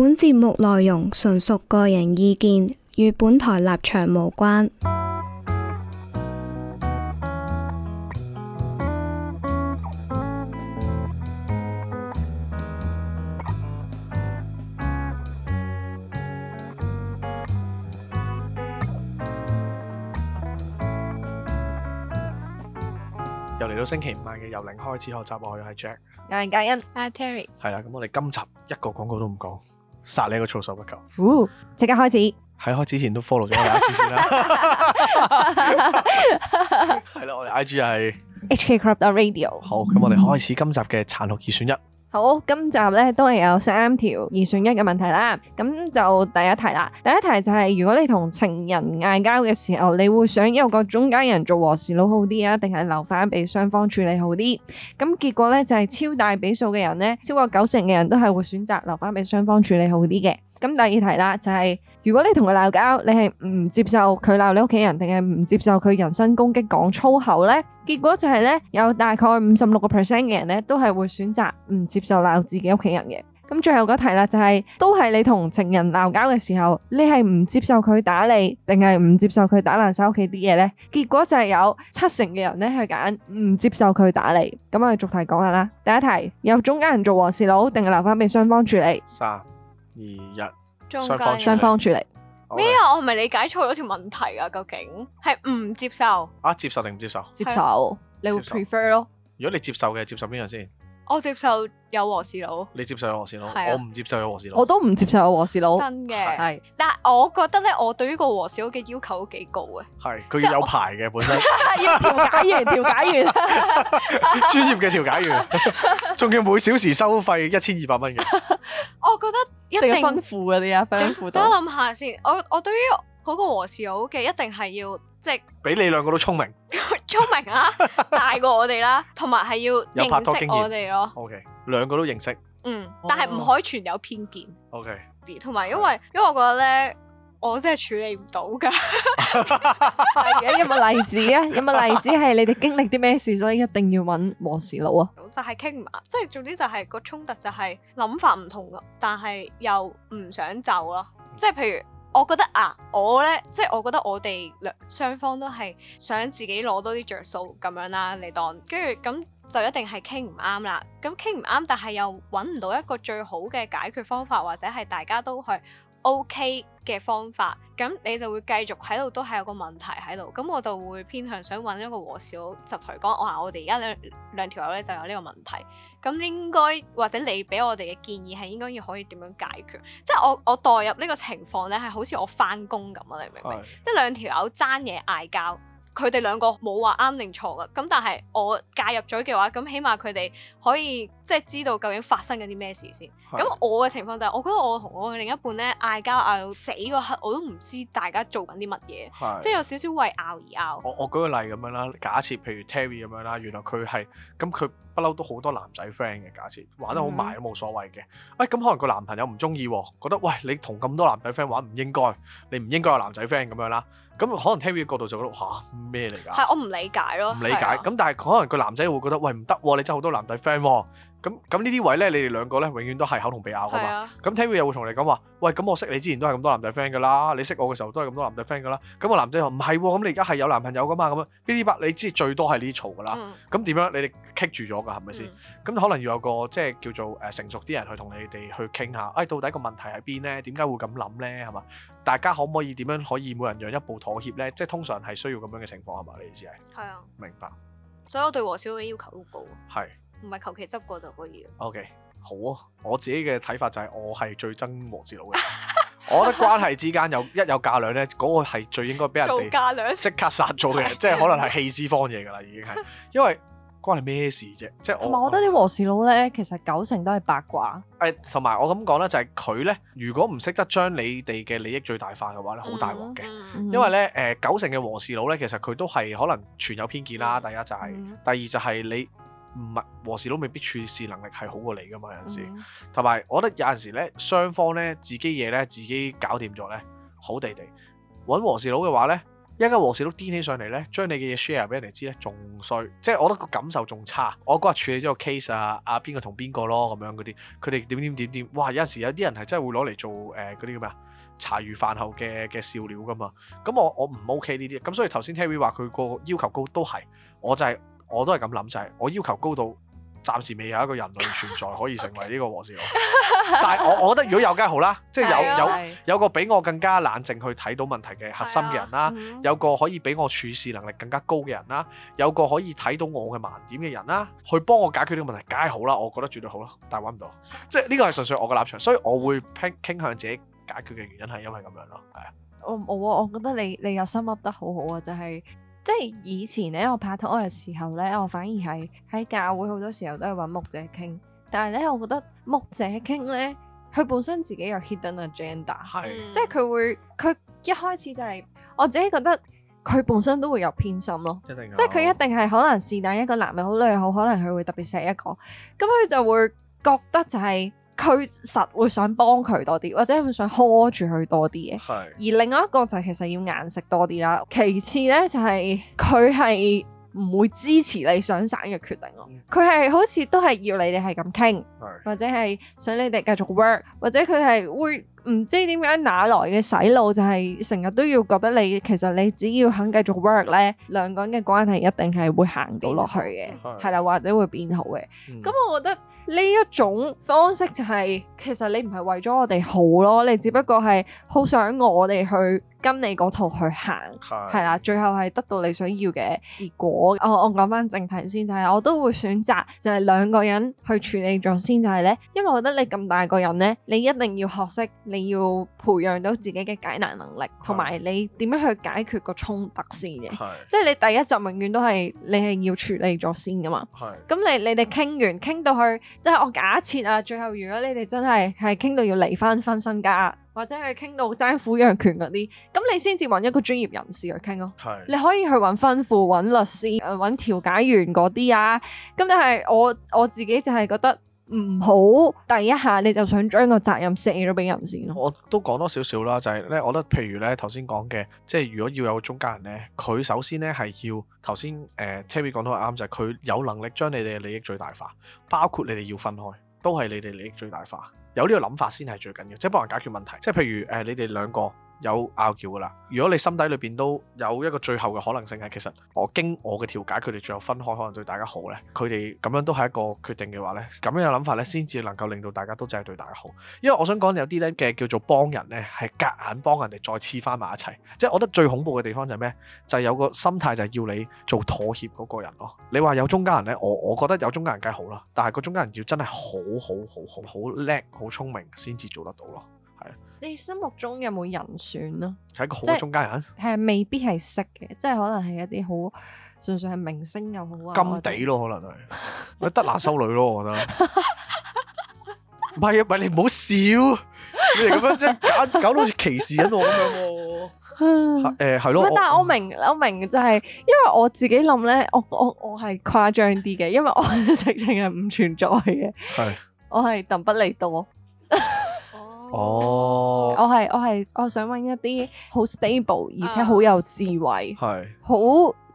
本節目內容純屬個人意見，與本台立場無關。又嚟到星期五晚嘅由零開始學習愛，我係 Jack，我係嘉欣，我係 Terry。係啦，咁我哋今集一個廣告都唔講。殺你一個措手不及！嗚、哦，即刻開始。喺開始之前都 follow 咗我哋 IG 先啦。哈哈哈，係咯，我哋 IG 係 HK Crop dot Radio。好，咁我哋開始今集嘅殘酷二選一。嗯好，今集呢都係有三條二選一嘅問題啦，咁就第一題啦。第一題就係、是、如果你同情人嗌交嘅時候，你會想有個中間人做和事佬好啲啊，定係留翻俾雙方處理好啲？咁結果呢，就係、是、超大比數嘅人呢，超過九成嘅人都係會選擇留翻俾雙方處理好啲嘅。咁第二題啦，就係如果你同佢鬧交，你係唔接受佢鬧你屋企人，定係唔接受佢人身攻擊、講粗口咧？結果就係咧，有大概五十六個 percent 嘅人咧，都係會選擇唔接受鬧自己屋企人嘅。咁最後嗰題啦，就係都係你同情人鬧交嘅時候，你係唔接受佢打你，定係唔接受佢打爛晒屋企啲嘢咧？結果就係有七成嘅人咧去揀唔接受佢打你。咁我哋，逐題講下啦。第一題，由中間人做和事佬，定係留翻俾雙方處理？三。二一，雙方雙方處理咩啊 Okay.？我係咪理解錯咗條問題啊？究竟係唔接受啊？接受定唔接受？接受，的你會 prefer 咯受？如果你接受嘅，接受邊樣先？我接受有和事佬，你接受有和事佬，我唔接受有和事佬，我都唔接受有和事佬，真嘅，係，但係我覺得咧，我對於個和事佬嘅要求幾高嘅，係佢要有牌嘅本身，要調解員，調解員，專業嘅調解員，仲要每小時收費一千二百蚊嘅，我覺得一定付嘅啲阿 friend，等我諗下先，我我對於嗰個和事佬嘅一定係要。即係比你兩個都聰明， 聰明啊，大過我哋啦、啊，同埋係要認識我哋咯、啊。O、okay. K，兩個都認識。嗯，但係唔可以存有偏見。O K，同埋因為、嗯、因為我覺得咧，我真係處理唔到噶。有冇例子啊？有冇例子係你哋經歷啲咩事，所以一定要揾和事佬啊？就係傾唔埋，即、就、係、是、總之就係個衝突就係諗法唔同咯，但係又唔想走咯。即、就、係、是、譬如。我覺得啊，我咧即係我覺得我哋兩雙方都係想自己攞多啲着數咁樣啦，你當跟住咁就一定係傾唔啱啦。咁傾唔啱，但係又揾唔到一個最好嘅解決方法，或者係大家都去 OK 嘅方法，咁你就會繼續喺度都係有個問題喺度，咁我就會偏向想揾一個和事佬集台講、哦。我話我哋而家兩兩條友咧就有呢個問題，咁應該或者你俾我哋嘅建議係應該要可以點樣解決？即係我我代入呢個情況呢，係好似我返工咁啊，你明唔明？是即係兩條友爭嘢嗌交，佢哋兩個冇話啱定錯㗎，咁但係我介入咗嘅話，咁起碼佢哋可以。即係知道究竟發生緊啲咩事先。咁的我嘅情況就係，我覺得我同我嘅另一半咧嗌交嗌到死嗰刻，我都唔知大家做緊啲乜嘢，的即係有少少為拗而拗。我我舉個例咁樣啦，假設譬如 Terri 咁樣啦，原來佢係咁佢不嬲都好多男仔 friend 嘅，假設玩得好埋都冇所謂嘅。誒、哎、咁可能個男朋友唔中意，覺得喂你同咁多男仔 friend 玩唔應該，你唔應該有男仔 friend 咁樣啦。咁可能 Terri 嘅角度就覺得吓咩嚟㗎？係、啊、我唔理解咯。唔理解。咁的但係可能個男仔會覺得喂唔得，你真係好多男仔 friend。咁咁呢啲位咧，你哋兩個咧，永遠都係口同鼻拗噶嘛。咁是、啊、Terri 又會同你講話，喂，咁我識你之前都係咁多男仔 friend 噶啦，你識我嘅時候都係咁多男仔 friend 噶啦。咁個男仔話唔係，咁、啊、你而家係有男朋友噶嘛？咁呢啲白，你知最多係呢啲嘈噶啦。咁點、嗯、樣？你哋棘住咗噶，係咪先？咁、嗯、可能要有個即係叫做誒成熟啲人去同你哋去傾下，誒、哎、到底個問題喺邊咧？點解會咁諗咧？係嘛？大家可唔可以點樣可以每人讓一步妥協咧？即係通常係需要咁樣嘅情況係嘛？你意思係？係是啊。明白。所以我對和小嘅要求好高。係。唔係求其執過就可以。O、okay, K，好啊！我自己嘅睇法就係我係最憎和事佬嘅。 我覺得關係之間有，一有嫁倆咧，嗰、那個係最應該俾人哋即刻殺咗嘅，即係可能係棄屍荒野噶啦，已經係。 因為關你咩事啫？即、就、係、是、我唔係，我覺得啲和事佬咧，其實九成都係八卦。誒、哎，同埋我咁講咧，就係佢咧，如果唔識得將你哋嘅利益最大化嘅話咧，好、嗯、大鑊嘅。嗯嗯、因為咧，誒，九成嘅和事佬咧，其實佢都係可能存有偏見啦。第一就係、是，嗯、第二就係、是、你。唔係和事佬，未必處事能力係好過你噶嘛。有陣時，同埋、嗯、我覺得有陣時咧，雙方咧，自己嘢咧，自己搞掂咗咧，好地地揾和事佬嘅話咧，一陣和事佬癲起上嚟咧，將你嘅嘢 share 俾人哋知咧，仲衰，即係我覺得個感受仲差。我嗰日處理咗個 case 啊，啊邊個同邊個咯咁樣嗰啲，佢哋點點點點，哇！有陣時有啲人係真係會攞嚟做誒嗰啲叫咩啊，茶餘飯後嘅嘅笑料噶嘛。咁我我唔 OK 呢啲，咁所以頭先 Terry 話佢個要求高都，都係我就係、係。我都係咁諗，就係、是，我要求高到暫時未有一個人類存在可以成為呢個和事佬。Okay. 但係我我覺得如果有梗係好啦，即係有 有有，有個比我更加冷靜去睇到問題嘅核心嘅人啦， 有個可以比我處事能力更加高嘅人啦，有個可以睇到我嘅盲點嘅人啦，去幫我解決呢個問題梗係好啦，我覺得絕對好啦，但係搵唔到，即係呢個係純粹我嘅立場，所以我會偏傾向自己解決嘅原因係因為咁樣咯，係啊。我我我覺得你你又深得好好啊，就係、是。即係以前咧，我拍拖嘅時候咧，我反而係喺教會好多時候都係搵牧者傾。但係咧，我覺得牧者傾咧，佢本身自己有 hidden agenda，係、嗯，即係佢會，佢一開始就係、是，我自己覺得佢本身都會有偏心咯，即係佢一定係可能是但一個男嘅好女嘅好，可能佢會特別錫一個，咁佢就會覺得就係、是。佢實會想幫佢多啲，或者佢想呵住佢多啲嘅。是而另外一個就係其實要眼食多啲啦。其次咧就係佢係唔會支持你想散嘅決定咯。佢係、嗯、好似都係要你哋係咁傾，是或者係想你哋繼續 work，或者佢係會。唔知點解哪來嘅洗腦，就係成日都要覺得你其實你只要肯繼續 work 咧，兩個人嘅關係一定係會行到落去嘅，係啦，或者會變好嘅。咁我覺得呢一種方式就係其實你唔係為咗我哋好咯，你只不過係好想我哋去跟你嗰套去行，係啦，最後係得到你想要嘅結果。我我講翻正題先，就係我都會選擇就係兩個人去處理咗先，就係咧，因為我覺得你咁大個人咧，你一定要學識你。你要培養到自己嘅解難能力，同埋是你點樣去解決個衝突先嘅。是即係你第一集永遠都係你係要處理咗先噶嘛。咁是你你哋傾完，傾到去，即係我假設啊，最後如果你哋真係係傾到要離婚分身家，或者去傾到爭撫養權嗰啲，咁你先至揾一個專業人士去傾咯。是你可以去揾婚輔、揾律師、誒揾調解員嗰啲啊。咁但係我我自己就係覺得。唔好，第一下你就想將個責任卸咗俾人先。我都講多少少啦，就係咧，我覺得譬如咧，頭先講嘅，即係如果要有中間人呢，佢首先呢係要頭先誒 Terri 講到啱就係、是、佢有能力將你哋嘅利益最大化，包括你哋要分開，都係你哋利益最大化，有呢個諗法先係最緊要，即、就、係、是、幫人解決問題。即係譬如誒，你哋兩個。有拗撬噶啦！如果你心底裏邊都有一個最後嘅可能性係，其實我經我嘅調解，佢哋最後分開，可能對大家好呢。佢哋咁樣都係一個決定嘅話呢，咁樣嘅諗法呢，先至能夠令到大家都真係對大家好。因為我想講有啲呢嘅叫做幫人呢，係夾硬幫人哋再黐翻埋一齊。即係我覺得最恐怖嘅地方就係咩？就係、是、有個心態就係要你做妥協嗰個人咯。你話有中間人呢，我我覺得有中間人梗係好啦，但係個中間人要真係好好好好好叻、好聰明先至做得到咯。你心目中有冇人選咯？係一個好中間人？係啊，未必係識嘅，即係可能係一啲好，純粹係明星又好啊，金地咯，可能係德蘭修女咯。我覺得唔係啊，唔係你唔好笑，你哋咁樣即係搞搞到，好似歧視喺度咁樣喎。誒，係咯，唔係，但係我明，我明就係，因為我自己諗咧，我我我係誇張啲嘅，因為我直情係唔存在嘅，係，我係鄧不利多。哦、oh.，我係我係我想揾一啲好 stable 而且好有智慧，係好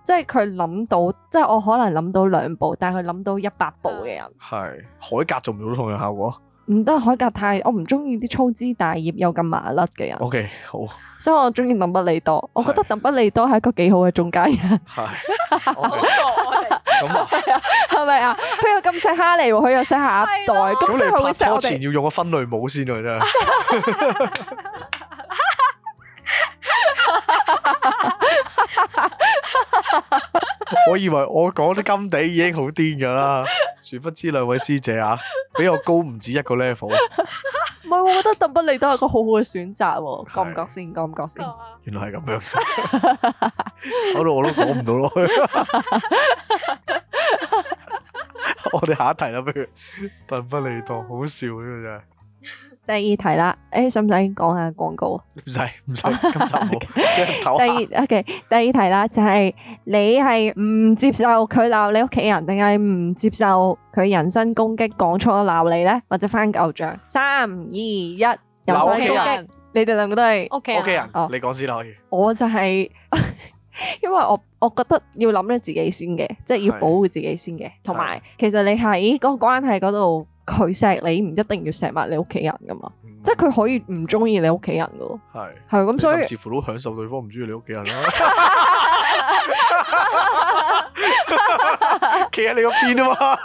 即係佢諗到，即、就、係、是、我可能諗到兩步，但係佢諗到一百步嘅人。係海格仲有冇同樣效果？唔得，海格太我唔中意啲粗枝大葉又咁麻甩嘅人。OK，好。所以我中意鄧不利多，我覺得鄧不利多係一個幾好嘅中間人。係。咁 raid of view 啊，係咪啊？佢又咁細哈利，佢又細下一代，咁即係拍拖前要用個分類帽先啊！真係，我以為我講啲金地已經好癲噶啦，殊不知兩位師姐啊，比我高唔止一個 level。 我覺得鄧不利多係個好好嘅選擇喎，覺唔覺先？覺唔覺先？原來係咁樣，搞 到我都講唔到咯。我哋下一題啦，不如鄧不利多好笑呢個真係。第二題啦，誒，使唔使講下廣告啊？唔使唔使咁醜。第二，OK，第二題啦，就係你係唔接受佢鬧你屋企人，定係唔接受佢人身攻擊，講粗鬧你咧，或者翻舊賬？三二一，鬧屋企人。你哋兩個都係屋企人，OK，OK，你講先啦，可以。我就係，因為我我覺得要諗咗自己先嘅，即係要保護自己先嘅，同埋其實你喺嗰個關係嗰度。佢錫你唔一定要錫埋你屋企人㗎嘛？嗯、即係佢可以唔中意你屋企人㗎喎。係係咁，所以似乎都享受對方唔中意你屋企人啦。企喺你嗰邊啊嘛？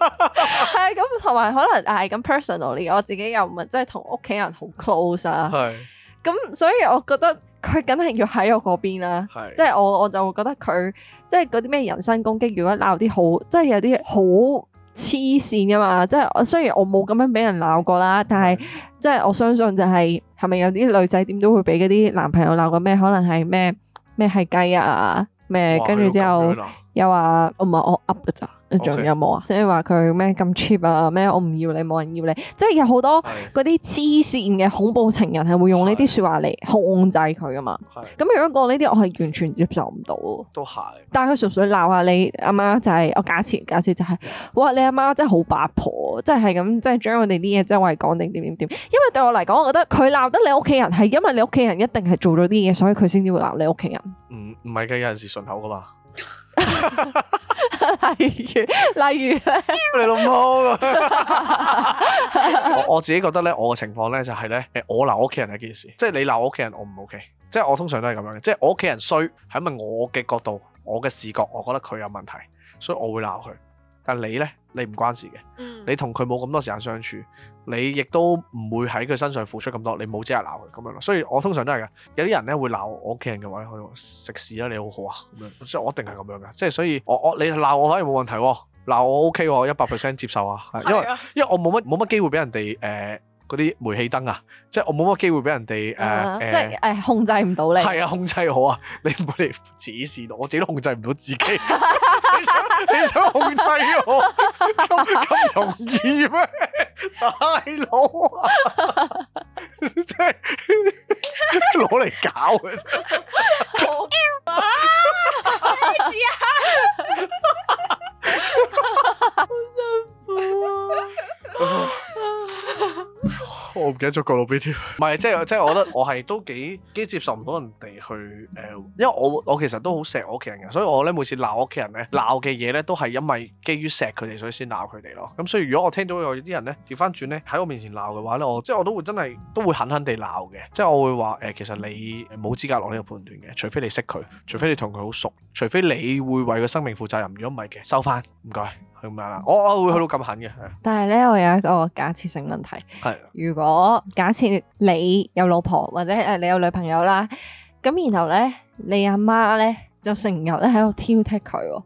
係咁，同埋可能誒咁 personally 我自己又唔係即係同屋企人好 close 啊。係咁是，所以我覺得佢梗係要喺我嗰邊啦、啊。係即係我我就會覺得佢即係嗰啲咩人身攻擊，如果鬧啲好，即、就、係、是、有啲好。黐線噶嘛，即係我雖然我冇咁樣俾人鬧過啦，但係是的 即係我相信就係係咪有啲女仔點都會俾嗰啲男朋友鬧過咩？可能係咩咩係雞啊咩，哇跟住之後。又話我唔係我噏嘅咋，仲有冇 Okay. 啊？即係話佢咩咁 cheap 啊？咩我唔要你，冇人要你，即係有好多嗰啲黐線嘅恐怖情人係會用呢啲説話嚟控制佢噶嘛？咁的如果講呢啲，我係完全接受唔到。都係是，但係佢純粹鬧下你阿媽，媽就係、是，我假設假設就係、是，哇！你阿媽，媽真係好八婆，即係咁，即係將我哋啲嘢即係話講定點點點。因為對我嚟講，我覺得佢鬧得你屋企人係因為你屋企人一定係做咗啲嘢，所以佢先至會鬧你屋企人。唔唔係㗎，有陣時順口噶嘛。 例如，例如你老母！我 我自己覺得咧，我嘅情況咧就係咧，我鬧屋企人係件事，即係你鬧我屋企人，我唔 OK。即係我通常都係咁樣嘅，即係我屋企人衰，係因為我嘅角度、我嘅視覺，我覺得佢有問題，所以我會鬧佢。但係你咧？你唔關事嘅，你同佢冇咁多時間相處，你亦都唔會喺佢身上付出咁多，你冇即係鬧佢咁樣咯。所以我通常都係嘅，有啲人咧會鬧我屋企人嘅話，食屎啦、啊、你好好啊咁樣，所以我一定係咁樣嘅，即係所以我我你鬧我反而冇問題、啊，鬧我 O K，我一百 percent 接受啊， 因為、啊、因為我冇乜冇乜機會俾人哋誒嗰啲煤氣燈啊，即係我冇乜機會俾人哋誒，即係誒控制唔到你，係啊控制我啊，你唔好嚟指使我，我自己都控制唔到自己。 你想控制我，咁咁容易咩？大 佬 搞 啊。即係攞嚟搞嘅。我啊，好驚啊，好辛苦啊， 我唔記得咗角落 B T 唔係即係即係，即係即係、我覺得我係都幾幾接受唔到人哋。去誒、呃，因為我我其實都好錫我屋企人嘅，所以我咧每次鬧我屋企人咧，鬧嘅嘢咧都係因為基於錫佢哋，所以先鬧佢哋咯。咁所以如果我聽到有啲人咧調翻轉咧喺我面前鬧嘅話咧，我即係我都會真係都會狠狠地鬧嘅。即係我會話誒、呃，其實你冇資格攞呢個判斷嘅，除非你識佢，除非你同佢好熟，除非你會為佢生命負責任。如果唔係嘅，收翻唔該，係咁樣啦。我我會去到咁狠嘅。但係咧，我有一個假設性問題，係的如果假設你有老婆或者誒你有女朋友啦。然後，你阿媽就成日咧喺度挑剔佢。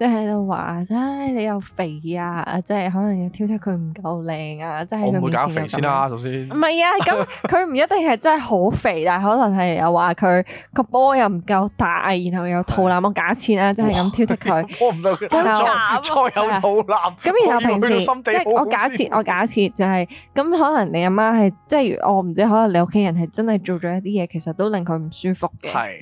即係喺度話，唉！你又肥啊！即係可能要挑剔佢唔夠靚啊！即係我唔會減肥先啦，首先。唔係啊，咁佢唔一定係真係好肥，但係可能係又話佢個波又唔夠大，然後又肚腩，我假設啦，即係咁挑剔佢。波唔夠，再有肚腩。咁然後平時即係我假設，我假設就係咁，可能你阿媽係即係我唔知，可能你屋企人係真係做咗一啲嘢，其實都令佢唔舒服嘅。而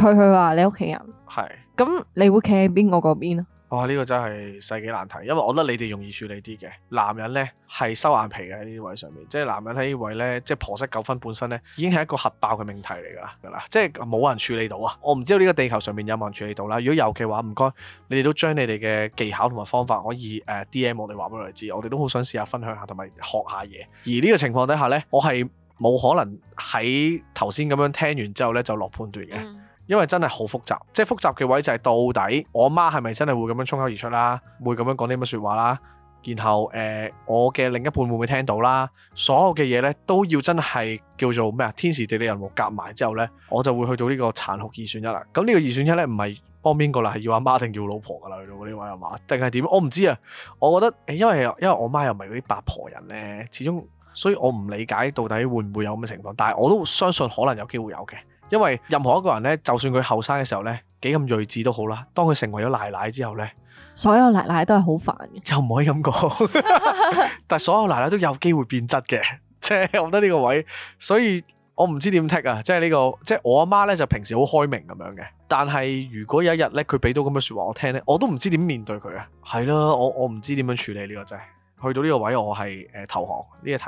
佢去話你屋企人。係。咁你會企喺邊個嗰邊啊？哇！呢個真係世紀難題，因為我覺得你哋容易處理啲嘅。男人呢係收眼皮嘅喺呢位上面，即係男人喺呢位呢，即係婆媳糾紛本身呢，已經係一個核爆嘅命題嚟噶啦，嗯、即係冇人處理到啊！我唔知道呢個地球上面有冇人處理到啦。如果有嘅話，唔該，你哋都將你哋嘅技巧同埋方法可以誒 D M 我哋話俾我哋知，我哋都好想試下分享下同埋學下嘢。而呢個情況底下呢，我係冇可能喺頭先咁樣聽完之後呢，就落判斷嘅。嗯因為真係好複雜，即係複雜嘅位就係到底我媽係咪真係會咁樣衝口而出啦，會咁樣講啲乜嘅說話啦，然後誒、呃、我嘅另一半會唔會聽到啦？所有嘅嘢呢都要真係叫做咩啊？天時地利人和夾埋之後呢，我就會去到呢個殘酷二選一啦。咁呢個二選一呢，唔係幫邊個啦，係要阿媽定要老婆噶啦，去到呢位係嘛？定係點？我唔知啊。我覺得因為因為我媽又唔係嗰啲八婆人呢，始終所以我唔理解到底會唔會有咁嘅情況，但係我都相信可能有機會有嘅。因為任何一個人咧，就算佢後生嘅時候咧幾咁睿智都好啦，當佢成為咗奶奶之後咧，所有奶奶都係好煩嘅，又唔可以咁講。 但係所有奶奶都有機會變質嘅，即係我覺得呢個位，所以我唔知點 take 啊，即係呢個，即係我阿媽咧就平時好開明咁樣嘅，但係如果有一日咧佢俾到咁嘅說話我聽咧，我都唔知點面對佢啊。係啦，我我唔知點樣處理呢個真係，去到呢個位我係誒、呃、投降呢個題，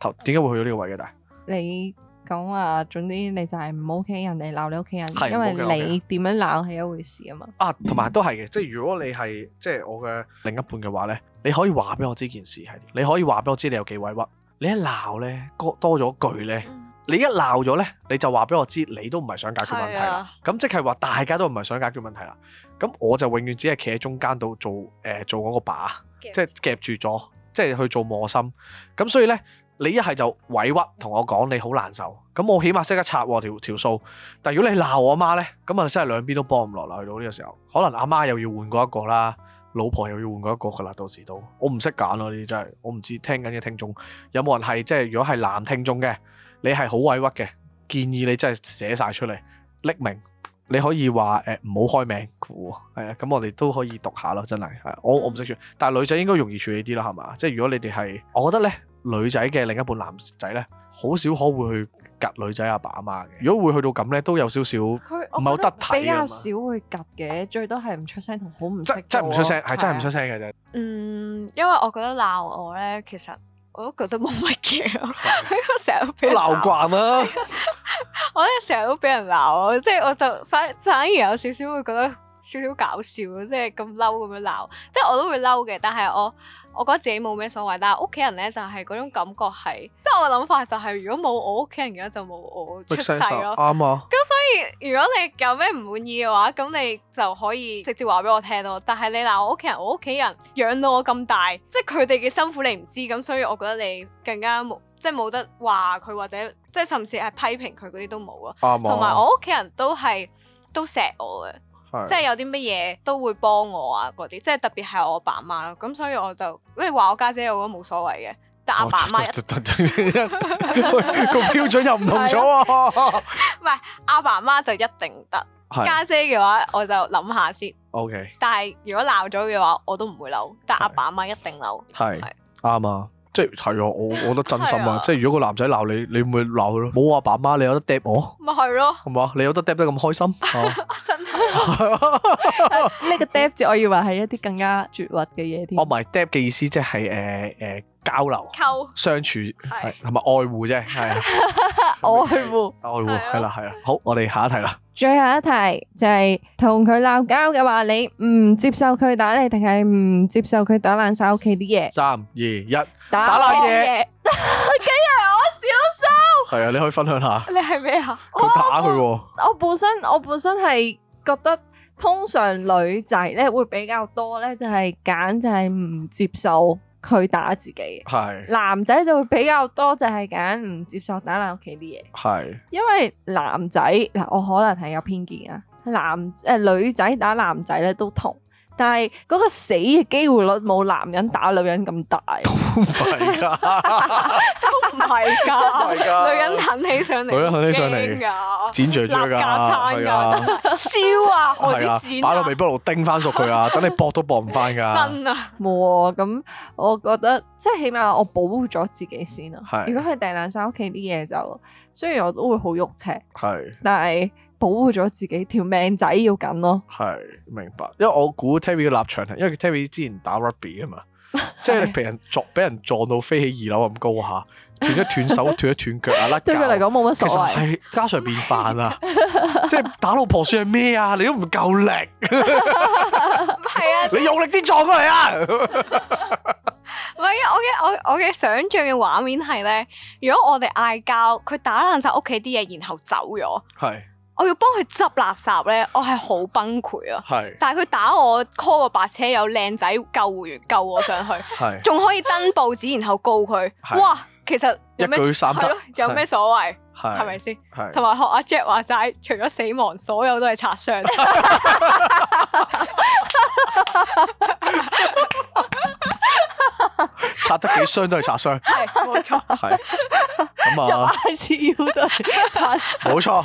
投點解會去到呢個位嘅？但係你。咁啊，總之你就係唔 o 企人哋鬧你屋企人。是因為你點樣鬧係一回事啊嘛。啊，同埋都係嘅，即係如果你係即係我嘅另一半嘅話呢，你可以話俾我知件事係，你可以話俾我知你有幾委屈。你一鬧呢，多咗句呢，嗯、你一鬧咗呢，你就話俾我知你都唔係想解決問題啦。咁、啊、即係話大家都唔係想解決問題啦。咁我就永遠只係企喺中間度做誒、呃、做個靶住，即係夾住咗，即係去做磨心。咁所以呢。你一係就委屈同我講你好難受，咁我起碼識得拆條條數。但如果你鬧我阿媽咧，咁啊真係兩邊都幫唔落嚟。去到呢個時候，可能阿媽又要換過一個啦，老婆又要換過一個噶啦，到時都我唔識揀咯，呢啲真係我唔知。聽緊嘅聽眾有冇人係即係如果係男聽眾嘅，你係好委屈嘅，建議你真係寫晒出嚟，匿名你可以話誒唔好開名，係啊，咁我哋都可以讀下咯，真係係我我唔識算，但係女仔應該容易處理啲啦，係嘛？即係如果你哋係，我覺得呢。女仔嘅另一半男仔咧，好少可會去夾女仔阿爸阿媽嘅。如果會去到咁咧，都有少少，唔係好得體，比較少會夾嘅，最多係唔出聲同好唔識。真唔出聲，係對 真唔出聲嘅啫。嗯，因為我覺得鬧我咧，其實我都覺得冇乜嘅，的 因為成日都俾鬧慣啦。啊、 我咧成日都俾人鬧， 即係我就反反而有少少會覺得。少少搞笑，即係咁嬲咁樣鬧，即係我都會嬲嘅。但係我我覺得自己冇咩所謂。但係屋企人咧就係嗰種感覺係，即係我嘅諗法就係，如果冇我屋企人嘅話，就冇我出世咯。啱啊。咁 所以如果你有咩唔滿意嘅話，咁你就可以直接話俾我聽咯。但係你鬧我屋企人，我屋企人養到我咁大，即係佢哋嘅辛苦你唔知，咁所以我覺得你更加冇，即係冇得話佢或者即係甚至係批評佢嗰啲都冇咯。啱啊。同 埋樂我屋企人都係都錫我嘅。即係有啲乜嘢都會幫我啊，嗰啲即係特別係我爸媽咯。咁所以我就，因為話我家姐，我都冇所謂嘅，但阿爸媽一，個標準又唔同咗啊，唔係阿爸媽就一定得，家姐嘅話我就諗下先。OK，但係如果鬧咗嘅話，我都唔會嬲，但阿爸阿媽一定嬲。係，啱啊，即係係我，我覺得真心啊。即係如果個男仔鬧你，你會鬧佢咯。冇阿爸媽，你有得嗲我咪係咯。係嘛，你有得嗲得咁開心呢個 debt 字，我以為係一啲更加絕核嘅嘢添。哦，唔係 debt 嘅意思，即係誒誒交流、溝、相處，係咪愛護啫。係愛護、愛護係啦，係啦。好，我哋下一題啦。最後一題就係同佢鬧交嘅話，你唔接受佢打你，定係唔接受佢打爛晒屋企啲嘢？三二一，打爛嘢。今日我少數。係啊，你可以分享下。你係咩啊？佢打佢喎。我本身，我本身係。覺得通常女仔咧會比較多咧，就係揀就係唔接受佢打自己。係是男仔就會比較多，就係揀唔接受打爛屋企啲嘢。係是因為男仔嗱，我可能係有偏見啊。男誒、呃、女仔打男仔咧都同。但係嗰個死嘅機會率冇男人打女人咁大，都唔係㗎，都唔係㗎，女人狠起上嚟，女人狠起上嚟㗎，剪住咗㗎，拿家餐㗎，燒啊，我啲剪，擺落微波爐叮翻熟佢啊，等你搏都搏唔翻㗎，真啊，冇啊，咁我覺得即係起碼我保護咗自己先啊，如果佢訂爛晒屋企啲嘢就雖然我都會好肉赤，係，但係。保護咗自己條命仔要緊咯，係，明白，因為我估 Terry 嘅立場係，因為 Terry 之前打 rugby 啊嘛，即係你俾人撞，俾 對 人撞到飛起二樓咁高下，斷一斷手，斷一斷腳啊，甩。 對佢嚟講冇乜所謂，其實係家常便飯啊，不是 即係打老婆算咩啊？你都唔夠力，係 啊，你用力啲撞過嚟啊！唔 係、啊，我嘅我我嘅想像嘅畫面係咧，如果我哋嗌交，佢打爛晒屋企啲嘢，然後走咗，係。 我要幫佢執垃圾咧，我係好崩潰啊！係，但係佢打我 call 個白車，有靚仔救護員救我上去，係，仲可以登報紙然後告佢。哇，其實有咩三百，有咩所謂？係咪先？係，同埋學阿 Jack 話齋，除咗死亡，所有都係擦傷。擦得幾傷都係擦傷，係冇錯，係咁啊！I C U 都係擦傷，冇錯。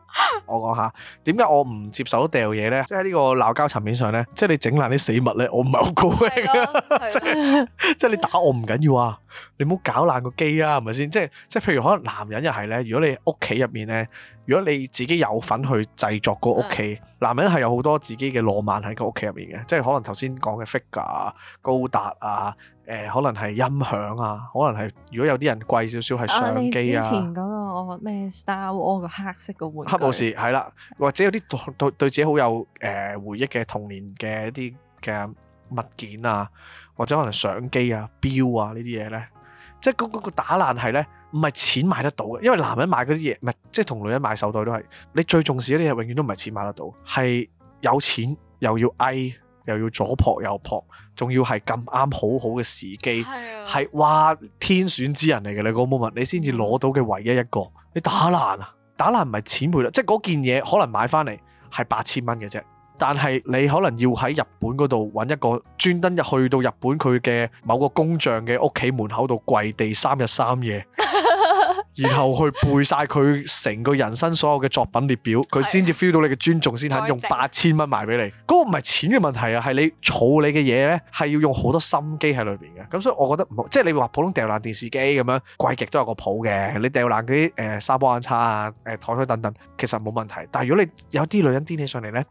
我講下點解我唔接受到掉嘢呢？即係呢個鬧交層面上呢，即係你整爛啲死物呢，我唔係好高興。即係 你打我唔緊要啊！你唔好搞爛個機啊，係咪先？即係即係，譬如可能男人又係呢，如果你屋企入面呢，如果你自己有份去製作個屋企，嗯、男人係有好多自己嘅浪漫喺個屋企入面嘅，即係可能頭先講嘅 figure 啊、高達啊、誒，可能係音響啊，可能係如果有啲人貴少少係相機啊，啊前嗰個咩 Star War 個黑色個活。啊冇事，係啦，或者有啲對對自己好有誒、呃、回憶嘅童年嘅一啲嘅物件啊，或者可能相機啊、錶啊呢啲嘢呢，即係嗰個打爛係呢，唔係錢買得到嘅，因為男人買嗰啲嘢，唔係即係同女人買手袋都係，你最重視嗰啲嘢永遠都唔係錢買得到，係有錢又要捱又要左撲右撲，仲要係咁啱好好嘅時機，係、啊、哇天選之人嚟嘅啦，嗰、那個 moment 你先至攞到嘅唯一一個，你打爛啊！打爛唔係錢賠咯，即係嗰件嘢可能買翻嚟係八千蚊嘅啫，但係你可能要喺日本嗰度揾一個專登入去到日本佢嘅某個工匠嘅屋企門口度跪地三日三夜。 然後去背晒佢成個人生所有嘅作品列表，佢先至 feel 到你嘅尊重先肯用八千蚊賣俾你。嗰、嗰個唔係錢嘅問題啊，係你儲你嘅嘢咧，係要用好多心機喺裏邊嘅。咁所以我覺得唔好，即係你話普通掉爛電視機咁樣，貴極都有個譜嘅。你掉爛嗰啲誒沙煲眼叉啊，誒檯燈等等，其實冇問題。但係如果你有啲女人癲起上嚟咧，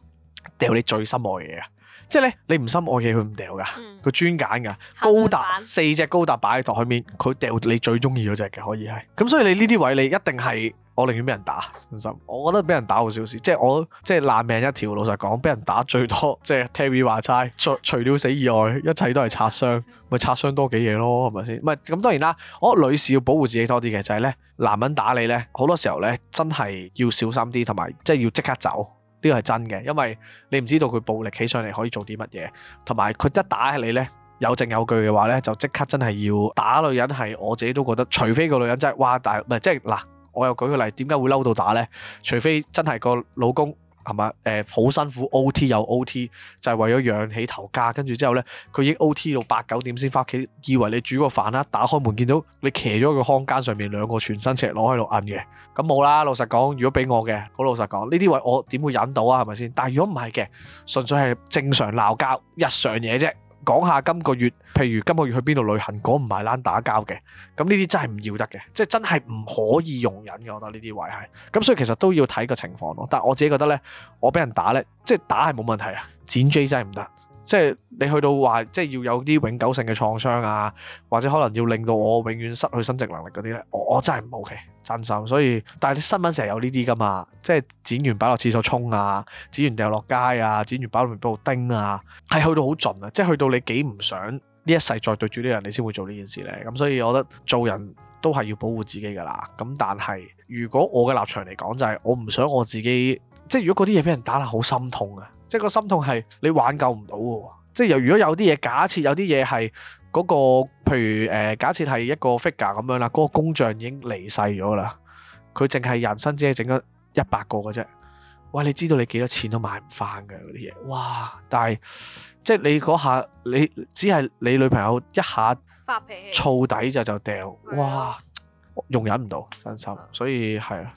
掉你最心愛嘢啊！即係咧，你唔心愛嘅佢唔掉噶，佢專揀噶。高達四隻高達擺喺台面，佢掉你最中意嗰隻嘅，可以係。咁所以你呢啲位你一定係，我寧願俾人打，真心。我覺得俾人打好小事，即係我即係爛命一條。老實講，俾人打最多，即係 Terri 話齋，除除咗死以外，一切都係擦傷，咪擦 傷多幾嘢咯，係咪先？唔係咁當然啦，我覺得女士要保護自己多啲嘅，就係、是、咧，男人打你咧，好多時候咧真係要小心啲，同埋即係要即刻走。呢個係真嘅，因為你唔知道佢暴力起上嚟可以做啲乜嘢，同埋佢一打起你呢，有證有據嘅話呢，就即刻真係要打女人。係我自己都覺得，除非個女人真係哇大唔係即係嗱，我又舉個例，點解會嬲到打呢？除非真係個老公。係嘛？誒好、呃、辛苦，OT 又 OT，就係為咗養起頭家。跟住之後咧，佢已經 OT 到八九點先翻屋企，以為你煮個飯啦。打開門見到你騎咗個空間上面兩個全身赤裸喺度按嘅，咁冇啦。老實講，如果俾我嘅，我老實講呢啲位我點會忍到啊？係咪先？但係如果唔係嘅，純粹係正常鬧交，日常嘢啫。講下今個月，譬如今個月去邊度旅行，講唔埋攬打交嘅，咁呢啲真係唔要得嘅，即係真係唔可以容忍嘅。我覺得呢啲位係，咁所以其實都要睇個情況咯。但係我自己覺得呢，我俾人打呢，即係打係冇問題啊，剪 J 真係唔得。即係你去到話，即係要有啲永久性嘅創傷啊，或者可能要令到我永遠失去生殖能力嗰啲呢，我我真係唔 OK，真心。所以但係啲新聞成日有呢啲噶嘛，即係剪完擺落廁所沖啊，剪完掉落街啊，剪完擺落邊度叮啊，係去到好盡啊，即係去到你幾唔想呢一世再對住呢個人，你先會做呢件事呢。咁所以我覺得做人都係要保護自己噶啦。咁但係如果我嘅立場嚟講，就係我唔想我自己，即係如果嗰啲嘢俾人打爛，好心痛啊！即係個心痛係你挽救唔到喎，即係由如果有啲嘢，假設有啲嘢係嗰個，譬如誒、呃，假設係一個 figure 咁樣啦，嗰個工匠已經離世咗啦，佢淨係人生只係整咗一百個嘅啫。哇！你知道你幾多錢都買唔翻㗎嗰啲嘢，哇！但係即係你嗰下，你只係你女朋友一下發脾氣，燥底就就掉，哇！的容忍唔到，真心，所以係啊，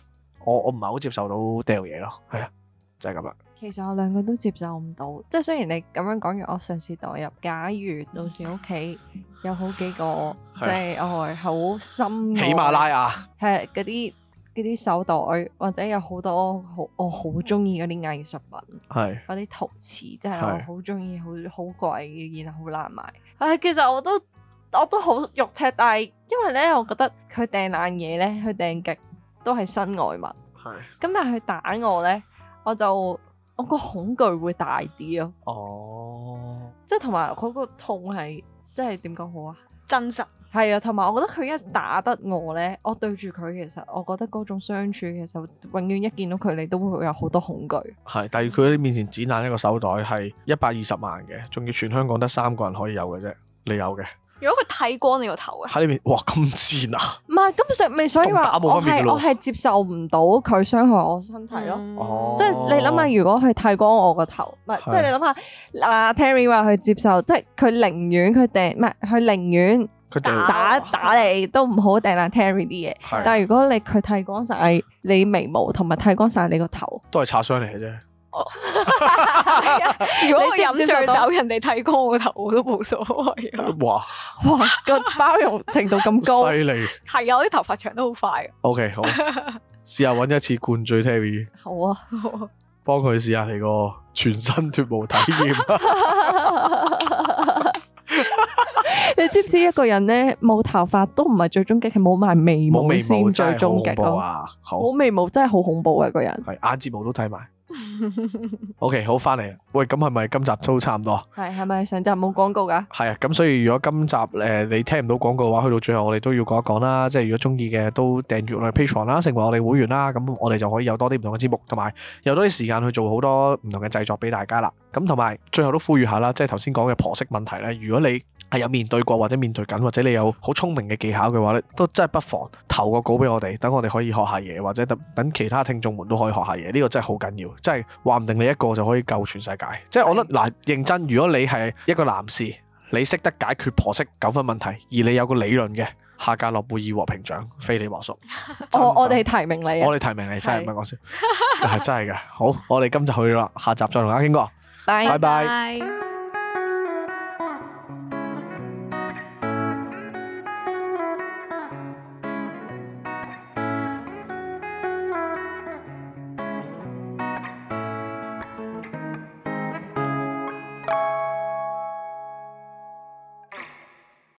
我我唔係好接受到掉嘢咯，係啊，就係咁啦。其實我兩個都接受唔到，即係雖然你咁樣講嘅，我上次代入。假如到時屋企有好幾個，即係我係好深喜馬拉雅，係嗰啲啲手袋，或者有多好多好我好中意嗰啲藝術品，係嗰啲陶瓷，即係是我好中意好好貴嘅然後，好難買。唉，其實我都我都好肉赤，但係因為咧，我覺得佢掟爛嘢咧，佢掟極都係身外物，係咁是，但係佢打我咧，我就。我個恐懼會大啲啊。哦，oh，即係同埋嗰個痛係，即係點講好啊？真實係啊，同埋我覺得佢一打得我咧，我對住佢其實，我覺得嗰種相處其實永遠一見到佢，你都會有好多恐懼。係，但係佢喺你面前展爛一個手袋，係一百二十萬嘅，仲要全香港得三個人可以有嘅啫，你有嘅。如果佢剃光你個頭嘅喺呢邊，哇咁賤啊！唔係咁想，咪所以話係我係接受唔到佢傷害我身體咯。嗯、即係你諗下，如果佢剃光我個頭，唔係是即係你諗下啊 Terri 話佢接受，即係佢寧願佢掟，唔係佢寧願打們打打你都唔好掟爛 Terri 啲嘢。是但係如果你佢剃光晒你眉毛同埋剃光晒你個頭，都係擦傷嚟嘅啫。我 如果我飲醉酒， 人哋剃光我頭，我都冇所謂啊！ 哇哇，個包容程度咁高，犀利係啊！我啲頭髮長得好快啊！O K 好，試下搵一次灌醉 Terry， 好啊，好，啊，幫佢試下嚟，個全身脫毛體驗。 你知唔知一個人咧，冇頭髮都唔係最終極，佢冇埋眉毛先最終極啊！好，冇眉毛真係好恐怖啊。一個、啊、人，係眼睫毛都剃埋。OK，好翻嚟。喂，咁係咪今集都差唔多？係係咪上集冇廣告噶？係啊，咁所以如果今集誒你聽唔到廣告嘅話，去到最後我哋都要講一講啦。即係如果中意嘅都訂閱我哋 Patreon 啦，成為我哋會員啦，咁我哋就可以有多啲唔同嘅節目，同埋有多啲時間去做好多唔同嘅製作俾大家啦。咁同埋最後都呼籲下啦，即係頭先講嘅婆媳問題咧，如果你係有面對過或者面對緊，或者你有好聰明嘅技巧嘅話咧，都真係不妨投個稿俾我哋，等我哋可以學下嘢，或者等等其他聽眾們都可以學下嘢。呢、這個真係好緊要，即係話唔定你一個就可以救全世界。的即係我覺得嗱，認真，如果你係一個男士，你識得解決婆媳糾紛問題，而你有個理論嘅，下屆諾貝爾和平獎非你莫屬。我我哋提名你，我哋提名你真係唔係講笑，係真係嘅。好，我哋今集去啦，下集再同大家傾過，拜拜。